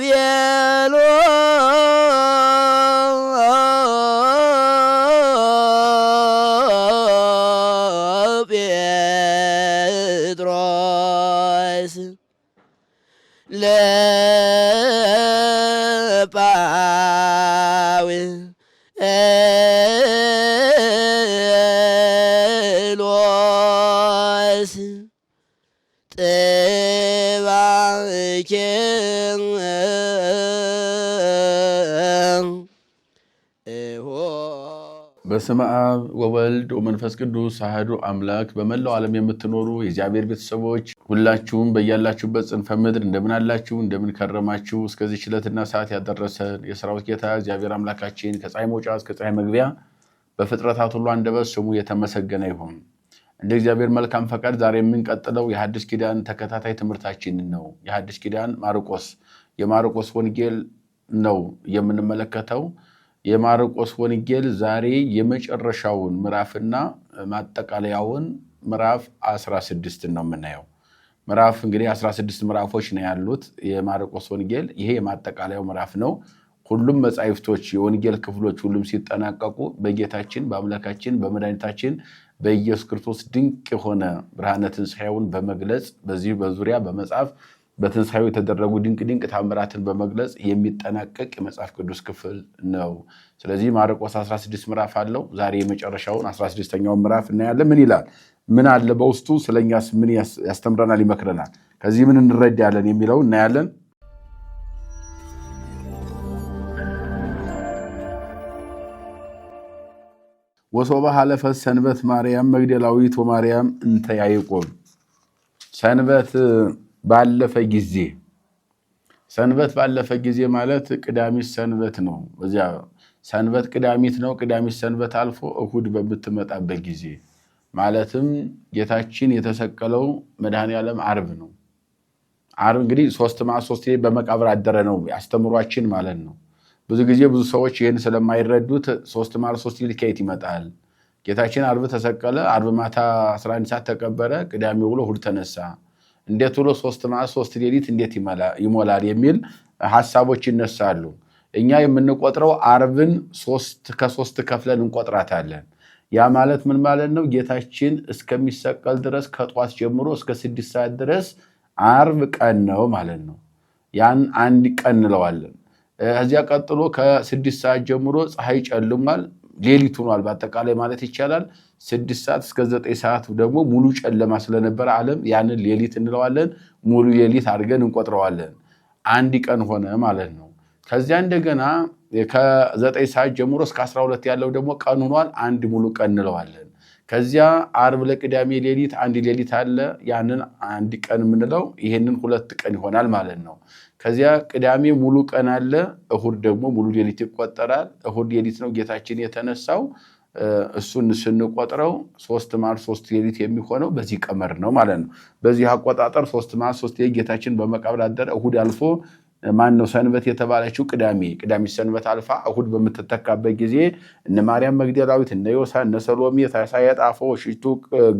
ቤሎ ጴጥሮስ ለጳዊ ጥባኬን በስመ አብ ወወልድ ወመንፈስ ቅዱስ ሳህዱ አምላክ። በመላው ዓለም የምትኖሩ የእግዚአብሔር ቤተሰቦች ሁላችሁም በያላችሁበት ጽንፈ ምድር እንደምን አላችሁ? እንደምን ከረማችሁ? እስከዚህ ችለትና ሰዓት ያደረሰን የሰራዊት ጌታ እግዚአብሔር አምላካችን ከፀሐይ መውጫ እስከ ፀሐይ መግቢያ በፍጥረታት ሁሉ አንደበት ስሙ የተመሰገነ ይሁን። እንደ እግዚአብሔር መልካም ፈቃድ ዛሬ የምንቀጥለው የሐዲስ ኪዳን ተከታታይ ትምህርታችንን ነው። የሐዲስ ኪዳን ማርቆስ የማርቆስ ወንጌል ነው የምንመለከተው የማርቆስ ወንጌል ዛሬ የመጨረሻውን ምዕራፍና ማጠቃለያውን ምዕራፍ 16 ነው የምናየው። ምዕራፍ እንግዲህ 16 ምዕራፎች ነው ያሉት የማርቆስ ወንጌል። ይሄ የማጠቃለያው ምዕራፍ ነው። ሁሉም መጻሕፍቶች የወንጌል ክፍሎች ሁሉም ሲጠናቀቁ በጌታችን በአምላካችን በመድኃኒታችን በኢየሱስ ክርስቶስ ድንቅ የሆነ ብርሃነ ትንሣኤውን በመግለጽ በዚህ በዙሪያ በመጻፍ በትንሣኤው የተደረጉ ድንቅ ድንቅ ታምራትን በመግለጽ የሚጠናቀቅ የመጽሐፍ ቅዱስ ክፍል ነው። ስለዚህ ማርቆስ 16 ምዕራፍ አለው። ዛሬ የመጨረሻውን 16ኛውን ምዕራፍ እናያለን። ምን ይላል? ምን አለ በውስጡ? ስለኛስ ምን ያስተምረናል? ይመክረናል? ከዚህ ምን እንረዳለን የሚለው እናያለን። ወሶበ ሀለፈት ሰንበት ማርያም መግደላዊት ወማርያም እንተ ያዕቆብ ሰንበት ባለፈ ጊዜ ሰንበት ባለፈ ጊዜ ማለት ቅዳሚት ሰንበት ነው። እዚያ ሰንበት ቅዳሚት ነው። ቅዳሚት ሰንበት አልፎ እሁድ በምትመጣበት ጊዜ ማለትም ጌታችን የተሰቀለው መድኃኔ ዓለም ዓርብ ነው። ዓርብ እንግዲህ ሶስት ማ ሶስት በመቃብር አደረ ነው አስተምሯችን ማለት ነው። ብዙ ጊዜ ብዙ ሰዎች ይህን ስለማይረዱት ሶስት ማ ሶስት ልካየት ይመጣል። ጌታችን ዓርብ ተሰቀለ። ዓርብ ማታ 11 ሰዓት ተቀበረ። ቅዳሜ ውሎ እሁድ ተነሳ። እንዴት ብሎ ሶስት ማዕት ሶስት ሌሊት እንዴት ይሞላል የሚል ሀሳቦች ይነሳሉ። እኛ የምንቆጥረው አርብን ከሶስት ከፍለን እንቆጥራታለን። ያ ማለት ምን ማለት ነው? ጌታችን እስከሚሰቀል ድረስ ከጧት ጀምሮ እስከ ስድስት ሰዓት ድረስ አርብ ቀን ነው ማለት ነው። ያን አንድ ቀን እንለዋለን። ከዚያ ቀጥሎ ከስድስት ሰዓት ጀምሮ ፀሐይ ጨልሟል። ሌሊት ሆኗል። በአጠቃላይ ማለት ይቻላል ስድስት ሰዓት እስከ ዘጠኝ ሰዓት ደግሞ ሙሉ ጨለማ ስለነበረ ዓለም ያንን ሌሊት እንለዋለን። ሙሉ ሌሊት አድርገን እንቆጥረዋለን። አንድ ቀን ሆነ ማለት ነው። ከዚያ እንደገና ከዘጠኝ ሰዓት ጀምሮ እስከ አስራ ሁለት ያለው ደግሞ ቀን ሆኗል። አንድ ሙሉ ቀን እንለዋለን። ከዚያ አርብ ለቅዳሜ ሌሊት አንድ ሌሊት አለ። ያንን አንድ ቀን የምንለው ይሄንን ሁለት ቀን ይሆናል ማለት ነው። ከዚያ ቅዳሜ ሙሉ ቀን አለ። እሁድ ደግሞ ሙሉ ሌሊት ይቆጠራል። እሁድ ሌሊት ነው ጌታችን የተነሳው። እሱን ስንቆጥረው ሶስት መዓል ሶስት ሌሊት የሚሆነው በዚህ ቀመር ነው ማለት ነው። በዚህ አቆጣጠር ሶስት መዓል ሶስት ጌታችን በመቃብር አደረ። እሁድ አልፎ ማን ነው ሰንበት የተባለችው ቅዳሜ ቅዳሜ ሰንበት አልፋ እሁድ በምትተካበት ጊዜ እነ ማርያም መግደላዊት እነ ዮሳ እነ ሰሎሜ ታሳየ ጣፎ ሽቱ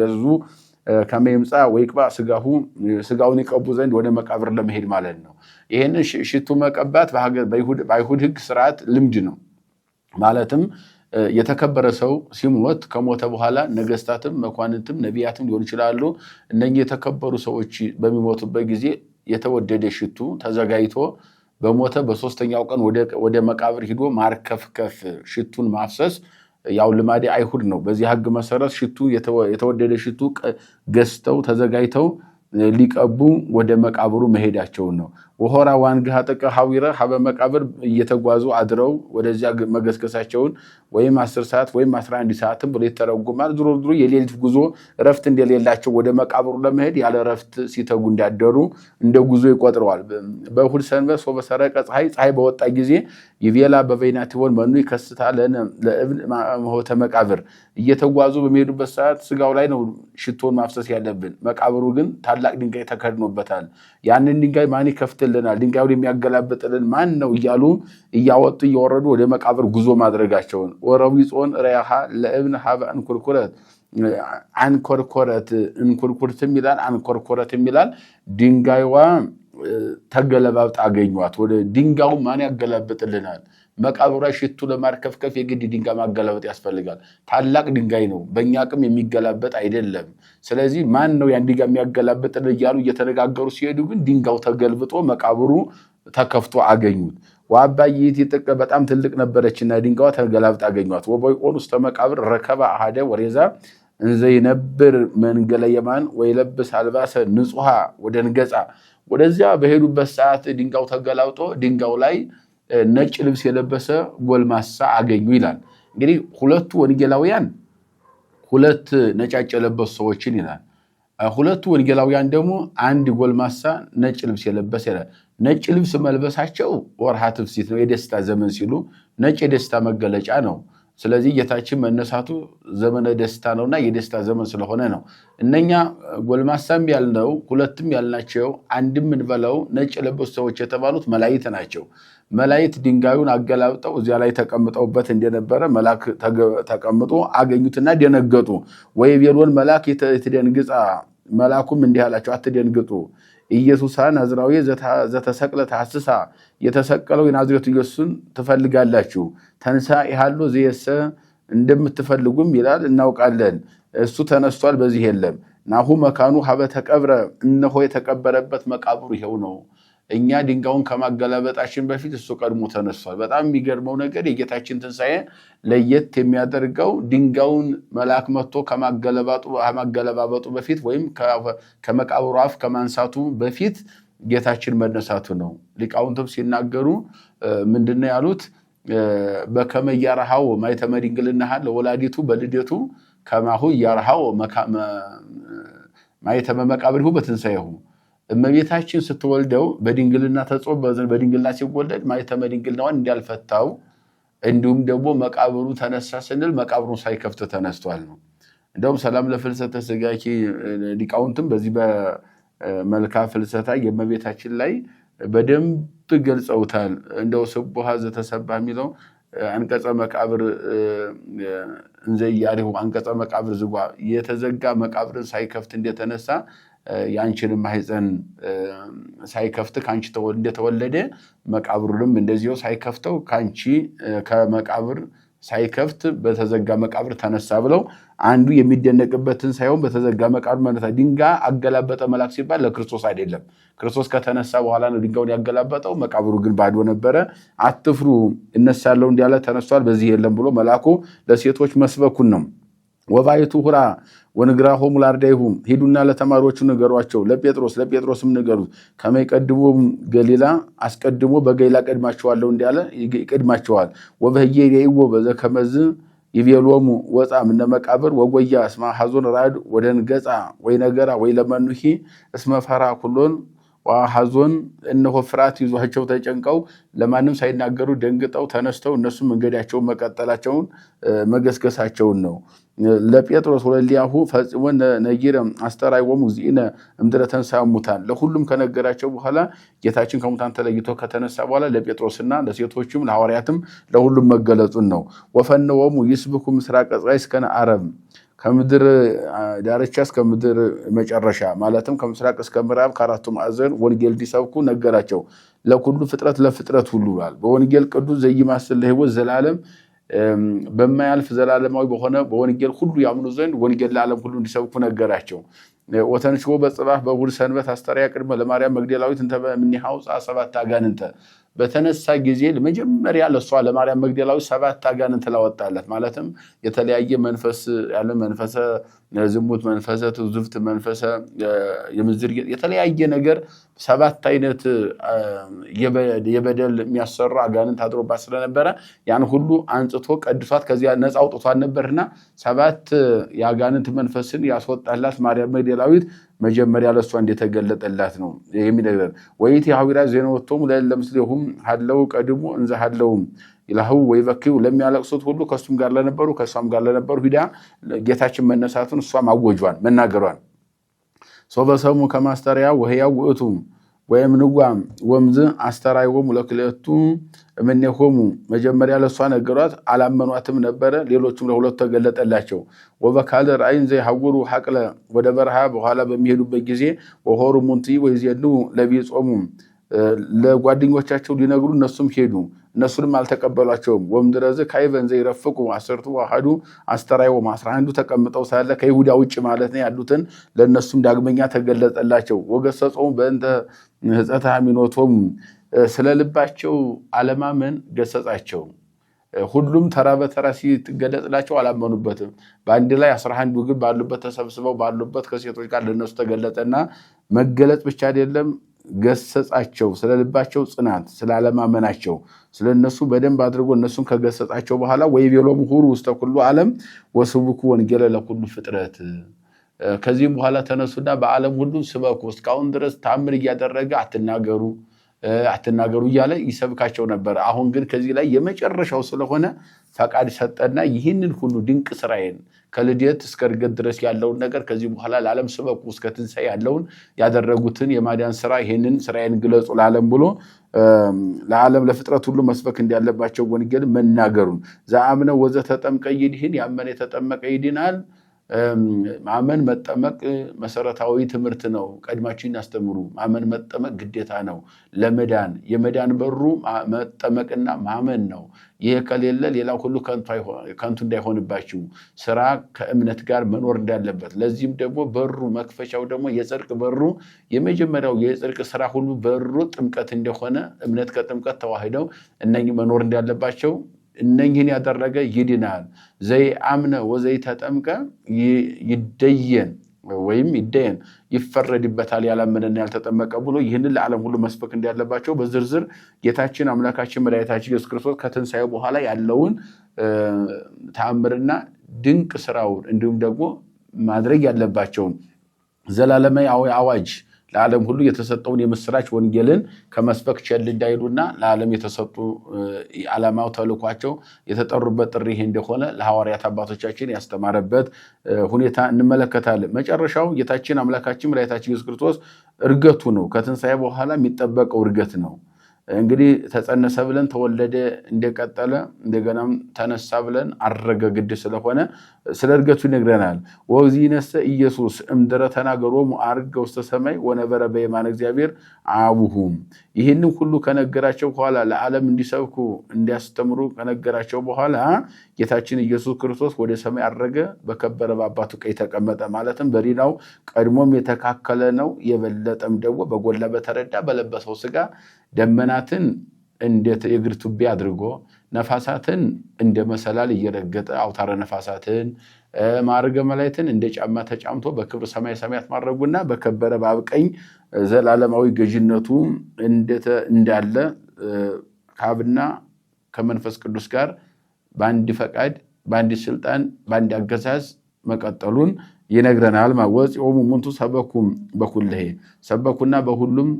ገዙ ከመምፃ ወይቅባ ስጋሁ ስጋውን ይቀቡ ዘንድ ወደ መቃብር ለመሄድ ማለት ነው። ይህንን ሽቱ መቀባት በአይሁድ ሕግ ስርዓት ልምድ ነው። ማለትም የተከበረ ሰው ሲሞት ከሞተ በኋላ ነገስታትም፣ መኳንንትም፣ ነቢያትም ሊሆኑ ይችላሉ። እነኚህ የተከበሩ ሰዎች በሚሞቱበት ጊዜ የተወደደ ሽቱ ተዘጋጅቶ በሞተ በሶስተኛው ቀን ወደ መቃብር ሂዶ ማርከፍከፍ ሽቱን ማፍሰስ ያው ልማዴ አይሁድ ነው። በዚህ ሕግ መሰረት ሽቱ የተወደደ ሽቱ ገዝተው ተዘጋጅተው ሊቀቡ ወደ መቃብሩ መሄዳቸውን ነው። ወሆራ ዋንግሃ ጠቀ ሀዊረ ሀበ መቃብር እየተጓዙ አድረው ወደዚያ መገስገሳቸውን ወይም አስር ሰዓት ወይም አስራ አንድ ሰዓትም ብሎ ይተረጉማል። ድሮ ድሮ የሌሊት ጉዞ እረፍት እንደሌላቸው ወደ መቃብሩ ለመሄድ ያለ እረፍት ሲተጉ እንዳደሩ እንደ ጉዞ ይቆጥረዋል። በእሁድ ሰንበት ሶበ ሰረቀ ፀሐይ ፀሐይ በወጣ ጊዜ ይቤላ በበይናቲቦን መኑ ይከስታ ለእብን ሆተ መቃብር እየተጓዙ በሚሄዱበት ሰዓት ስጋው ላይ ነው ሽቶን ማፍሰስ ያለብን። መቃብሩ ግን ታላቅ ድንጋይ ተከድኖበታል። ያንን ድንጋይ ማን ይከፍትል ይመልስልናል፣ ድንጋዩን የሚያገላብጥልን ማን ነው እያሉ እያወጡ እየወረዱ ወደ መቃብር ጉዞ ማድረጋቸውን ወረዊ ጾን ረያሃ ለእብን ሀበ እንኩርኩረት አንኮርኮረት እንኩርኩርትም ይላል አንኮርኮረትም ይላል ድንጋይዋ ተገለባብጥ አገኟት። ወደ ድንጋዩ ማን ያገላብጥልናል? መቃብሯ ሽቱ ለማርከፍከፍ የግድ ድንጋይ ማገላበጥ ያስፈልጋል። ታላቅ ድንጋይ ነው፣ በእኛ አቅም የሚገላበጥ አይደለም። ስለዚህ ማን ነው ያን ድንጋይ የሚያገላበጥ እያሉ እየተነጋገሩ ሲሄዱ ግን ድንጋዩ ተገልብጦ መቃብሩ ተከፍቶ አገኙት። ወአባ ጥቅ በጣም ትልቅ ነበረችና ድንጋዋ ተገላብጥ አገኟት። ወበይቆን ውስተ መቃብር ረከባ አሃደ ወሬዛ እንዘ ይነብር መንገለ የማን ወይለብስ አልባሰ ንጹሃ ወደ ወደንገጻ። ወደዚያ በሄዱበት ሰዓት ድንጋው ተገላውጦ ድንጋው ላይ ነጭ ልብስ የለበሰ ጎልማሳ አገኙ ይላል። እንግዲህ ሁለቱ ወንጌላውያን ሁለት ነጫጭ የለበሱ ሰዎችን ይላል። ሁለቱ ወንጌላውያን ደግሞ አንድ ጎልማሳ ነጭ ልብስ የለበሰ ይላል። ነጭ ልብስ መልበሳቸው ወርሃ ትፍሲት ነው፣ የደስታ ዘመን ሲሉ ነጭ የደስታ መገለጫ ነው። ስለዚህ ጌታችን መነሳቱ ዘመነ ደስታ ነውና የደስታ ዘመን ስለሆነ ነው። እነኛ ጎልማሳም ያልነው ሁለትም ያልናቸው አንድም ምንበለው ነጭ የለበሱ ሰዎች የተባሉት መላይት ናቸው። መላይት ድንጋዩን አገላብጠው እዚያ ላይ ተቀምጠውበት እንደነበረ መላክ ተቀምጦ አገኙትና ደነገጡ። ወይ ቤሎን መላክ የትደንግጻ መላኩም እንዲህ አላቸው፣ አትደንግጡ ኢየሱሳ ናዝራዊ ዘተሰቅለ ተሐስሳ የተሰቀለው የናዝሬቱ ኢየሱስን ትፈልጋላችሁ፣ ተንሣእ ኃሎ ዘየሰ እንደምትፈልጉም ይላል እናውቃለን። እሱ ተነስቷል፣ በዚህ የለም። ናሁ መካኑ ሀበ ተቀብረ፣ እነሆ የተቀበረበት መቃብሩ ይሄው ነው። እኛ ድንጋውን ከማገላበጣችን በፊት እሱ ቀድሞ ተነስቷል። በጣም የሚገርመው ነገር የጌታችን ትንሣኤ ለየት የሚያደርገው ድንጋዩን መልአክ መጥቶ ከማገለባበጡ በፊት ወይም ከመቃብሩ አፍ ከማንሳቱ በፊት ጌታችን መነሳቱ ነው። ሊቃውንትም ሲናገሩ ምንድነው ያሉት? በከመ እያረሃው ማኅተመ ድንግልናሃን ለወላዲቱ በልደቱ ከማሁ እያረሃው ማኅተመ መቃብሪሁ በትንሣኤሁ። እመቤታችን ስትወልደው በድንግልና ተጽ በድንግልና ሲወለድ ማኅተመ ድንግልናዋን እንዳልፈታው እንዲሁም ደግሞ መቃብሩ ተነሳ ስንል መቃብሩን ሳይከፍት ተነስቷል ነው። እንደውም ሰላም ለፍልሰተ ስጋኪ ሊቃውንትም በዚህ መልካ ፍልሰታ የእመቤታችን ላይ በደንብ ገልጸውታል። እንደው ስቡሃ ዘተሰባ የሚለው አንቀጸ መቃብር እንዘ ኢያሪሁ አንቀጸ መቃብር ዝጓ የተዘጋ መቃብርን ሳይከፍት እንደተነሳ የአንቺን ማህፀን ሳይከፍት ከአንቺ እንደተወለደ መቃብሩንም እንደዚሁ ሳይከፍተው ከአንቺ ከመቃብር ሳይከፍት በተዘጋ መቃብር ተነሳ ብለው አንዱ የሚደነቅበትን ሳይሆን በተዘጋ መቃብር መነሳ። ድንጋ አገላበጠ መልአክ ሲባል ለክርስቶስ አይደለም። ክርስቶስ ከተነሳ በኋላ ነው ድንጋውን ያገላበጠው። መቃብሩ ግን ባዶ ነበረ። አትፍሩ፣ እነሳለሁ እንዲያለ ተነስቷል፣ በዚህ የለም ብሎ መልአኩ ለሴቶች መስበኩን ነው። ወባይቱ ሁራ ወንግራሆሙ ላርዳይሁም ሂዱና ለተማሪዎቹ ንገሯቸው። ለጴጥሮስ ለጴጥሮስም ንገሩት ከመይቀድሙም ገሊላ አስቀድሞ በገሊላ ቀድማቸዋለሁ እንዲያለ ይቀድማቸዋል። ወበህየ ይወ ከመዝ ይቤሎሙ ወፃ ምነ መቃብር ወጎያ እስማ ሐዞን ራድ ወደንገፃ ወይ ነገራ ወይ ለመኑሂ እስመ ፈራ ኩሎን ሐዞን እነሆ ፍርሃት ይዟቸው ተጨንቀው ለማንም ሳይናገሩ ደንግጠው ተነስተው እነሱ መንገዳቸውን መቀጠላቸውን መገስገሳቸውን ነው። ለጴጥሮስ ወለሊያሁ ፈጽሞን ነጊረ አስተርአዮሙ እግዚእነ እምድረ ተንሳ ሙታን ለሁሉም ከነገራቸው በኋላ ጌታችን ከሙታን ተለይቶ ከተነሳ በኋላ ለጴጥሮስና ለሴቶችም ለሐዋርያትም ለሁሉም መገለጡን ነው። ወፈነወሙ ይስብኩ ምስራቀ ፀሐይ እስከነ አረብ ከምድር ዳርቻ እስከ ምድር መጨረሻ ማለትም ከምስራቅ እስከ ምዕራብ ከአራቱ ማዕዘን ወንጌል እንዲሰብኩ ነገራቸው። ለኩሉ ፍጥረት ለፍጥረት ሁሉ ይላል በወንጌል ቅዱስ ዘይማስል ለህይወት ዘላለም በማያልፍ ዘላለማዊ በሆነ በወንጌል ሁሉ ያምኑ ዘንድ ወንጌል ለዓለም ሁሉ እንዲሰብኩ ነገራቸው። ወተንሽቦ በጽባህ በእሑድ ሰንበት አስተርያ ቅድመ ለማርያም መግደላዊት እንተ እምኔሃ አውጽአ ሰባት አጋንንተ በተነሳ ጊዜ ለመጀመሪያ ለእሷ ለማርያም መግደላዊ ሰባት አጋንንት ላወጣለት ማለትም የተለያየ መንፈስ ያለ መንፈሰ ዝሙት መንፈሰ ትዙፍት መንፈሰ የምንዝር የተለያየ ነገር ሰባት አይነት የበደል የሚያሰሩ አጋንንት አድሮባት ስለነበረ ያን ሁሉ አንጽቶ ቀድሷት ከዚያ ነፃ አውጥቷት ነበርና ሰባት የአጋንንት መንፈስን ያስወጣላት ማርያም መግደላዊት መጀመሪያ ለእሷ እንደተገለጠላት ነው የሚነገር ወይት የሐዊራ ዜናወቶም ለምስሌሁም ሀለው ቀድሞ እንዘ ሀለውም ኢላሁ ወይበኪው ለሚያለቅሱት ሁሉ ከእሱም ጋር ለነበሩ ከእሷም ጋር ለነበሩ ሂዳ ጌታችን መነሳቱን እሷ ማወጇን መናገሯን ሶበሰሙ ከማስተሪያ ወህያው ውእቱ ወይም ንዋም ወምዝ አስተራይሆሙ ለክልኤቱ እምኔሆሙ መጀመሪያ ለእሷ ነገሯት፣ አላመኗትም ነበረ። ሌሎችም ለሁለቱ ተገለጠላቸው። ወበካለ ራእይን ዘይሐውሩ ሐቅለ ወደ በረሃ በኋላ በሚሄዱበት ጊዜ ወሆሩ ሙንቲ ወይዜኑ ለቢጾሙ ለጓደኞቻቸው ሊነግሩ እነሱም ሄዱ። እነሱንም አልተቀበሏቸውም። ወምድረዝ ካይበን ዘይረፍቁ አሰርቱ አሃዱ አስተራይወም አስራ አንዱ ተቀምጠው ሳለ ከይሁዳ ውጭ ማለት ነው ያሉትን ለእነሱም ዳግመኛ ተገለጠላቸው። ወገሰጾም በእንተ ህፀታ ሚኖቶም ስለ ልባቸው አለማመን ገሰጻቸው። ሁሉም ተራ በተራ ሲገለጽላቸው አላመኑበትም። በአንድ ላይ አስራ አንዱ ግን ባሉበት ተሰብስበው ባሉበት ከሴቶች ጋር ለእነሱ ተገለጠና መገለጥ ብቻ አይደለም ገሰጻቸው ስለ ልባቸው ጽናት ስለ አለማመናቸው፣ ስለ እነሱ በደንብ አድርጎ እነሱን ከገሰጻቸው በኋላ ወይ ወይቤሎ ምሁሩ ውስተ ኩሉ ዓለም ወስቡኩ ወንጌለ ለኩሉ ፍጥረት ከዚህም በኋላ ተነሱና በዓለም ሁሉ ስበኩ እስካሁን ድረስ ታምር እያደረገ አትናገሩ አትናገሩ እያለ ይሰብካቸው ነበር። አሁን ግን ከዚህ ላይ የመጨረሻው ስለሆነ ፈቃድ ሰጠና ይህንን ሁሉ ድንቅ ስራዬን ከልደት እስከ እርገት ድረስ ያለውን ነገር ከዚህ በኋላ ለዓለም ስበኩ እስከ ትንሣኤ ያለውን ያደረጉትን የማዳን ስራ ይህንን ስራዬን ግለጹ ለዓለም ብሎ ለዓለም ለፍጥረት ሁሉ መስበክ እንዳለባቸው ወንጌል መናገሩን ዘአምነ ተጠምቀ ይድህን ያመነ የተጠመቀ ይድናል ማመን መጠመቅ መሰረታዊ ትምህርት ነው። ቀድማችሁ እናስተምሩ። ማመን መጠመቅ ግዴታ ነው ለመዳን። የመዳን በሩ መጠመቅና ማመን ነው። ይህ ከሌለ ሌላ ሁሉ ከንቱ እንዳይሆንባችሁ ስራ ከእምነት ጋር መኖር እንዳለበት። ለዚህም ደግሞ በሩ መክፈቻው ደግሞ የጽድቅ በሩ የመጀመሪያው የጽድቅ ስራ ሁሉ በሩ ጥምቀት እንደሆነ እምነት ከጥምቀት ተዋህደው እነኝህ መኖር እንዳለባቸው እነኝህን ያደረገ ይድናል። ዘይ አምነ ወዘይ ተጠምቀ ይደየን ወይም ይደየን ይፈረድበታል። ያላመነና ያልተጠመቀ ብሎ ይህንን ለዓለም ሁሉ መስበክ እንዳለባቸው በዝርዝር ጌታችን አምላካችን መድኃኒታችን ኢየሱስ ክርስቶስ ከትንሣኤው በኋላ ያለውን ተአምርና ድንቅ ስራውን እንዲሁም ደግሞ ማድረግ ያለባቸውን ዘላለማዊ አዋጅ ለዓለም ሁሉ የተሰጠውን የምስራች ወንጌልን ከመስበክ ቸል እንዳይሉና ለዓለም የተሰጡ ዓላማው ተልኳቸው የተጠሩበት ጥሪ ይሄ እንደሆነ ለሐዋርያት አባቶቻችን ያስተማረበት ሁኔታ እንመለከታለን። መጨረሻው ጌታችን አምላካችን መድኃኒታችን ኢየሱስ ክርስቶስ እርገቱ ነው። ከትንሣኤ በኋላ የሚጠበቀው እርገት ነው። እንግዲህ ተጸነሰ ብለን ተወለደ እንደቀጠለ እንደገናም ተነሳ ብለን አረገ ግድ ስለሆነ ስለ እድገቱ ይነግረናል። ነሰ ኢየሱስ እምድረ ተናገሮ አርገ ውስተ ሰማይ ወነበረ በየማን እግዚአብሔር አቡሁም። ይህንም ሁሉ ከነገራቸው በኋላ ለዓለም እንዲሰብኩ እንዲያስተምሩ ከነገራቸው በኋላ ጌታችን ኢየሱስ ክርስቶስ ወደ ሰማይ አረገ፣ በከበረ በአባቱ ቀኝ ተቀመጠ። ማለትም በሪናው ቀድሞም የተካከለ ነው፣ የበለጠም ደግሞ በጎላ በተረዳ በለበሰው ስጋ ደመናትን እንደ የእግር ቱቤ አድርጎ ነፋሳትን እንደ መሰላል እየረገጠ አውታረ ነፋሳትን ማዕርገ መላይትን እንደ ጫማ ተጫምቶ በክብር ሰማይ ሰማያት ማድረጉና በከበረ በአብቀኝ ዘላለማዊ ገዥነቱ እንዳለ ከአብና ከመንፈስ ቅዱስ ጋር በአንድ ፈቃድ፣ በአንድ ስልጣን፣ በአንድ አገዛዝ መቀጠሉን ይነግረናል። ወፂኦሙ ሙንቱ ሰበኩም በኩልሄ ሰበኩና በሁሉም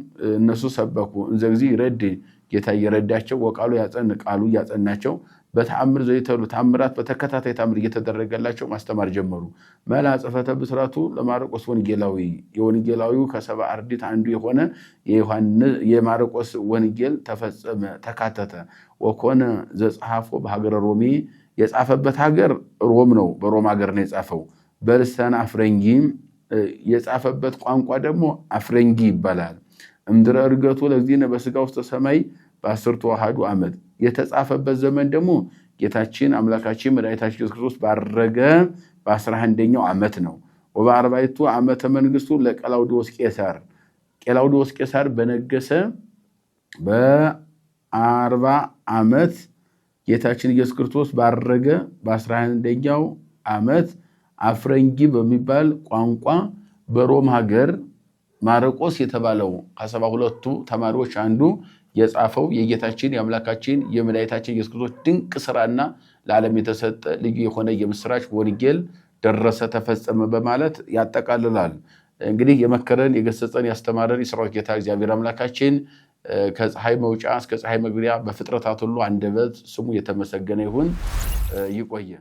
እነሱ ሰበኩ እንዘ ጊዜ ይረድ ጌታ እየረዳቸው ወቃሉ ያጸን ቃሉ እያጸናቸው በተአምር ዘይተሉ ተአምራት በተከታታይ ተአምር እየተደረገላቸው ማስተማር ጀመሩ። መላ ጽፈተ ብስራቱ ለማርቆስ ወንጌላዊ የወንጌላዊው ከሰባ አርድእት አንዱ የሆነ የማርቆስ ወንጌል ተፈጸመ ተካተተ። ወኮነ ዘጸሐፎ በሀገረ ሮሜ የጻፈበት ሀገር ሮም ነው። በሮም ሀገር ነው የጻፈው በልሳን አፍረንጊም የጻፈበት ቋንቋ ደግሞ አፍረንጊ ይባላል። እምድረ እርገቱ ለዚህ በስጋ ውስጥ ሰማይ በአስርቱ አሐዱ ዓመት የተጻፈበት ዘመን ደግሞ ጌታችን አምላካችን መድኃኒታችን ኢየሱስ ክርስቶስ ባረገ በአስራ አንደኛው ዓመት ነው። ወበአርባይቱ ዓመተ መንግስቱ ለቀላውዲዎስ ቄሳር ቀላውዲዎስ ቄሳር በነገሰ በአርባ ዓመት ጌታችን ኢየሱስ ክርስቶስ ባረገ በአስራ አንደኛው ዓመት አፍረንጊ በሚባል ቋንቋ በሮም ሀገር ማረቆስ የተባለው ከሰባ ሁለቱ ተማሪዎች አንዱ የጻፈው የጌታችን የአምላካችን የመድኃኒታችን ኢየሱስ ክርስቶስ ድንቅ ስራና ለዓለም የተሰጠ ልዩ የሆነ የምስራች ወንጌል ደረሰ ተፈጸመ በማለት ያጠቃልላል። እንግዲህ የመከረን የገሰጸን ያስተማረን የሰራዊት ጌታ እግዚአብሔር አምላካችን ከፀሐይ መውጫ እስከ ፀሐይ መግቢያ በፍጥረታት ሁሉ አንደበት ስሙ የተመሰገነ ይሁን። ይቆየ